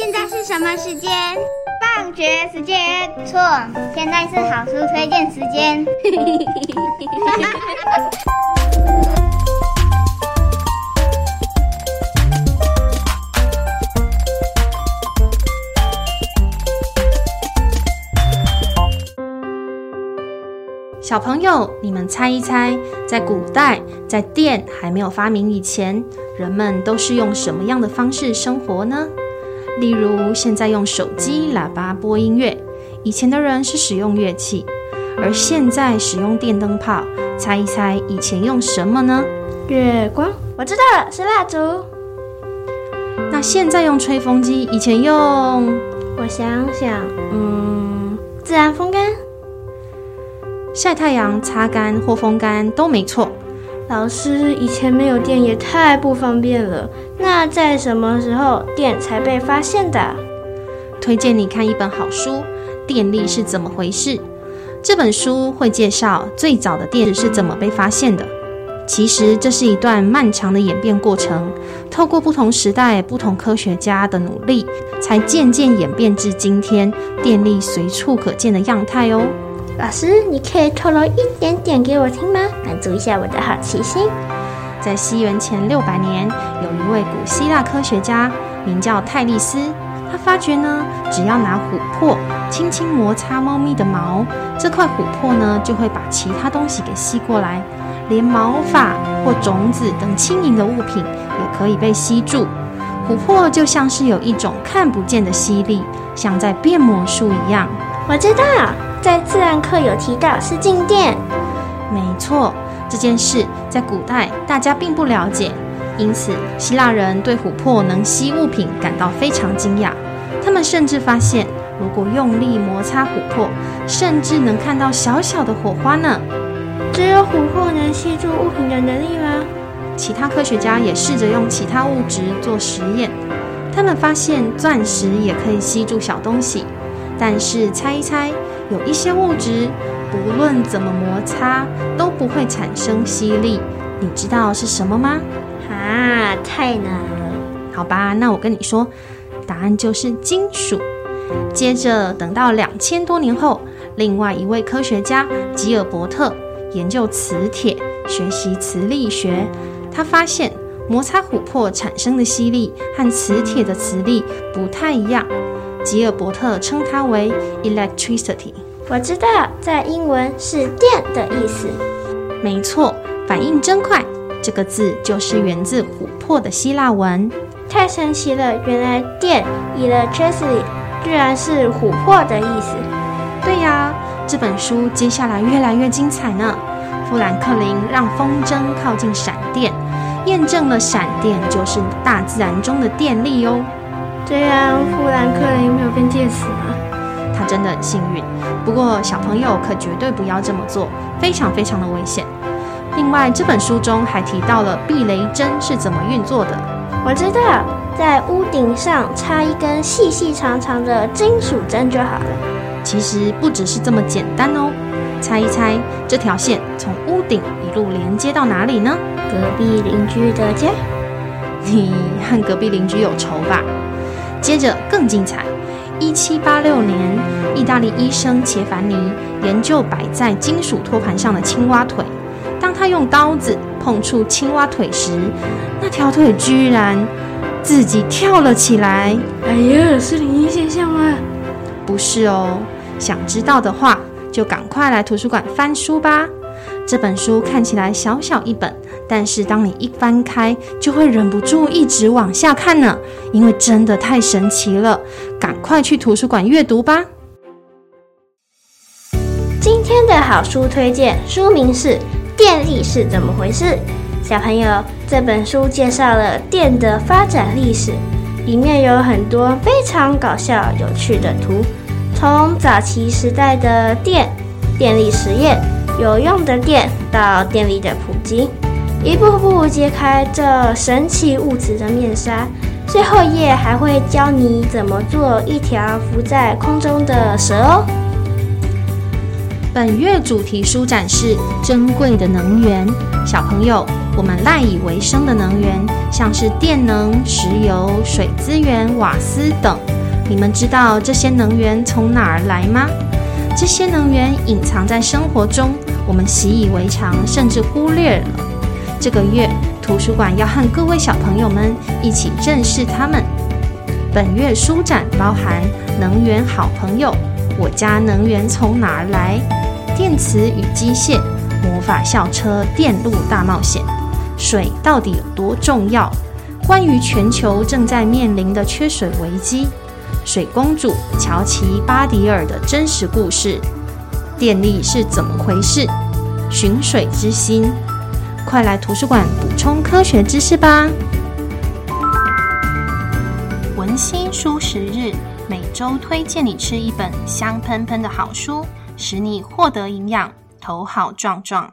現在是什麼時間？放學時間。錯，現在是好書推薦時間。 小朋友，你們猜一猜，在古代，在電還沒有發明以前，人們都是用什麼樣的方式生活呢？例如，現在用手機喇叭播音樂，以前的人是使用樂器，而現在使用電燈泡。猜一猜，以前用什麼呢？月光，我知道了，是蠟燭。那現在用吹風機，以前用，我想想，嗯，自然風乾、曬太陽、擦乾或風乾都沒錯。老師，以前沒有電也太不方便了。那在什麼時候電才被發現的啊？推薦你看一本好書，《電力是怎麼回事》這本書會介紹最早的電是怎麼被發現的。其實這是一段漫長的演變過程，透過不同時代、不同科學家的努力，才漸漸演變至今天電力隨處可見的樣態哦。老師，你可以透露一點點給我聽嗎？滿足一下我的好奇心。在西元前六百年，有一位古希臘科學家名叫泰利斯，他發覺呢，只要拿琥珀輕輕摩擦貓咪的毛，這塊琥珀呢就會把其他東西給吸過來，連毛髮或種子等輕盈的物品也可以被吸住。琥珀就像是有一種看不見的吸力，像在變魔術一樣。我知道。在自然課有提到是靜電，沒錯，這件事在古代大家並不了解，因此希臘人對琥珀能吸物品感到非常驚訝。他們甚至發現，如果用力摩擦琥珀，甚至能看到小小的火花呢。只有琥珀能吸住物品的能力嗎？其他科學家也試着用其他物質做實驗，他們發現鑽石也可以吸住小東西。但是猜一猜，有一些物質，不論怎麼摩擦都不會產生吸力，你知道是什麼嗎？啊，太難了。好吧，那我跟你說，答案就是金屬。接着，等到兩千多年後，另外一位科學家吉爾伯特研究磁鐵，學習磁力學，他發現摩擦琥珀產生的吸力和磁鐵的磁力不太一樣。吉爾伯特稱它為 electricity，我知道，在英文是“電”的意思。沒錯，反應真快！這個字就是源自琥珀的希臘文。太神奇了，原來電 electricity 居然是琥珀的意思。對呀，這本書接下來越來越精彩呢。富蘭克林讓風箏靠近閃電，驗證了閃電就是大自然中的電力哦。這樣，富蘭克林有沒有被電死嗎？嗯？他真的很幸運。不過小朋友可絕對不要這麼做，非常非常的危險。另外這本書中還提到了避雷針是怎麼運作的。我知道，在屋頂上插一根細細長長的金屬針就好了。其實不只是這麼簡單哦。猜一猜，這條線從屋頂一路連接到哪裡呢？隔壁鄰居的家。你和隔壁鄰居有仇吧？接着更精彩，一七八六年，意大利醫生切凡尼研究擺在金屬托盤上的青蛙腿。當他用刀子碰觸青蛙腿時，那條腿居然自己跳了起來！哎呀，是靈異現象嗎？不是哦，想知道的話，就趕快來圖書館翻書吧。這本書看起來小小一本。但是，當你一翻開，就會忍不住一直往下看呢，因為真的太神奇了！趕快去圖書館閱讀吧。今天的好書推薦書名是《電力是怎麼回事》。小朋友，這本書介紹了電的發展歷史，裡面有很多非常搞笑、有趣的圖，從早期時代的電、電力實驗、有用的電到電力的普及。一步步揭開這神奇物質的面紗，最後一頁還會教你怎麼做一條浮在空中的蛇哦。本月主題書展是珍貴的能源，小朋友，我們賴以為生的能源，像是電能、石油、水資源、瓦斯等，你們知道這些能源從哪兒來嗎？這些能源隱藏在生活中，我們習以為常，甚至忽略了。這個月，圖書館要和各位小朋友們一起認識他們。本月書展包含《能源好朋友》，我家能源從哪兒來？電磁與機械，魔法校車電路大冒險，水到底有多重要？關於全球正在面臨的缺水危機，《水公主》喬奇巴迪爾的真實故事，電力是怎麼回事？尋水之心。快來圖書館補充科學知識吧！文欣書食日，每周推薦你吃一本香噴噴的好書，使你獲得營養，頭好壯壯。